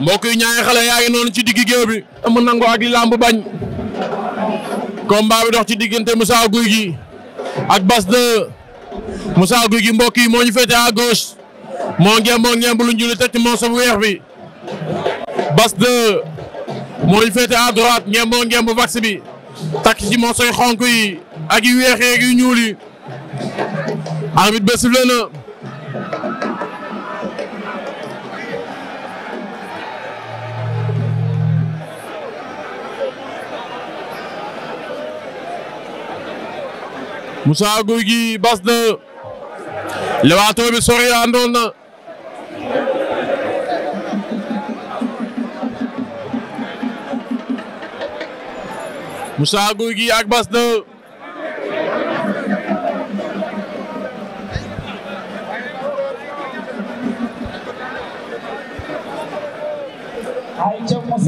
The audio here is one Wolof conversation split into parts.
mbokk yi ñaari xale yaa ngi noonu ci digg géew bi mu nangoo ak li làmb bañ combat bi dox ci diggante Moussa Gouye Gui ak Bass 2 Moussa Gouye Gui mbokk yi moo ñu féete à gauche moo ngeem moo ngeem bu lu njuli teg ci morso bu weex bi Bass 2 moo féete à droite ngeem moo vax bi takk ci morso yu xonk yi ak yu weex yeeg yi arbitre ba sifflé na Moussa Gueye gi bas na lewaatoo bi sori àndoon na Moussa Gueye gi ak bas na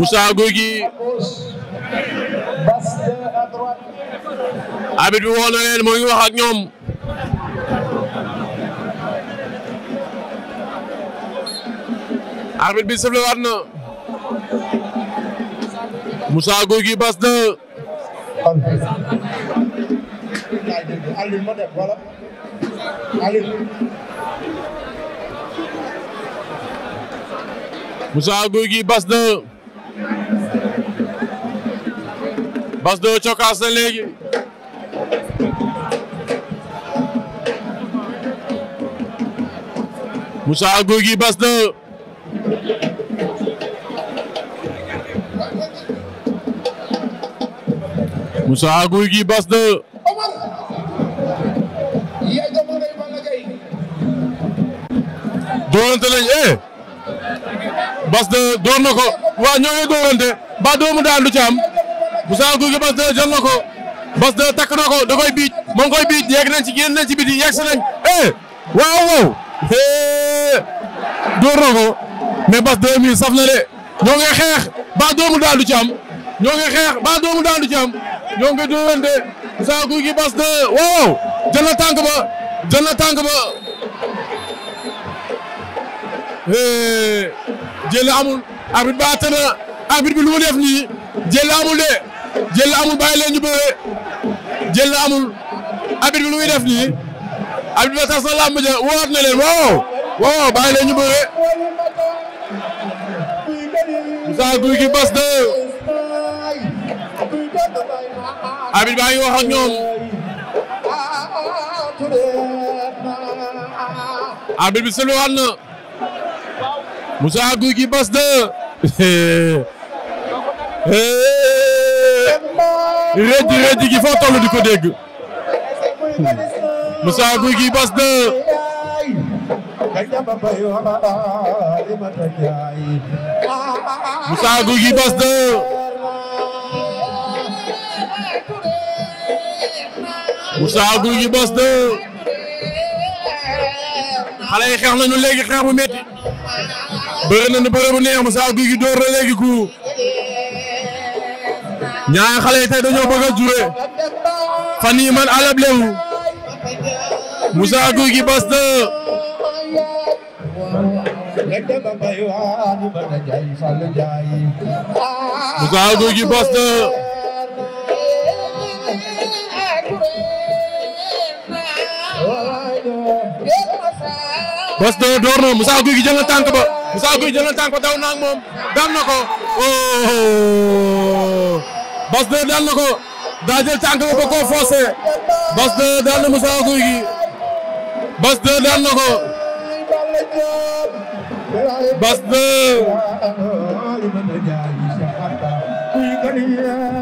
Moussa Gueye gi abit bi woo na leen moo wax ak ñoom arbit bi sëfle na Moussa Gouye Gui Bass 2 Moussa Bass 2 cokaas na léegi Moussa Guy Gui Bass 2 Moussa Guy doorante nañ eh Bass 2 door na ko waa ñoo ngi doorante ba doomu daan du ci am Moussa Gouye Gui Bass 2 jël na ko Bass 2 takk na ko da koy biij moo ngi koy biij yegg nañ ci génn nañ ci biti yegg si nañ eh waaw waaw eh, door na ko mais Bass 2 mi saf na de ñoo ngi xeex ba doomu daal du ci am ñoo ngi xeex ba doomu daal du ci am ñoo ngi dóorante Moussa Gouye Gui Bass 2 waaw jël na tànk ba jël na tànk ba eh, jël amul arbitre ba atana arbitre bi lu mu def nii jël amul de jël amul bàyyi leen ñu jël amul abit bi lu muy def nii abit ba na leen waaw waaw bàyyi leen ñu bëree Moussa Gouye Gui Bass 2 abit wax ak ñoom abit bi sëluwaat na Moussa Gouye Gui Bass 2 rëj rëj gi foo di ko dégg Moussa Gouye Gui Bass 2 Moussa Gouye Gui Bass 2 Moussa Gouye Gui Bass 2 xale yi xeex nañu léegi xeex bu métti bëri nañu bëri bu neex Moussa Gouye door na léegi ku ñaari xale yi tey dañoo bëgg a jure alab lewu Moussa Gouye Gui Bass de Moussa Gouye Gui Bass de Bass de door na Moussa Gouye Gui jël na ba Moussa Gouye jël na tànk ba daw moom daan ko oh Bass 2 daal na ko daa jël tànk ba koo forcé Bass 2 daal na Moussa Gouye Gui Bass 2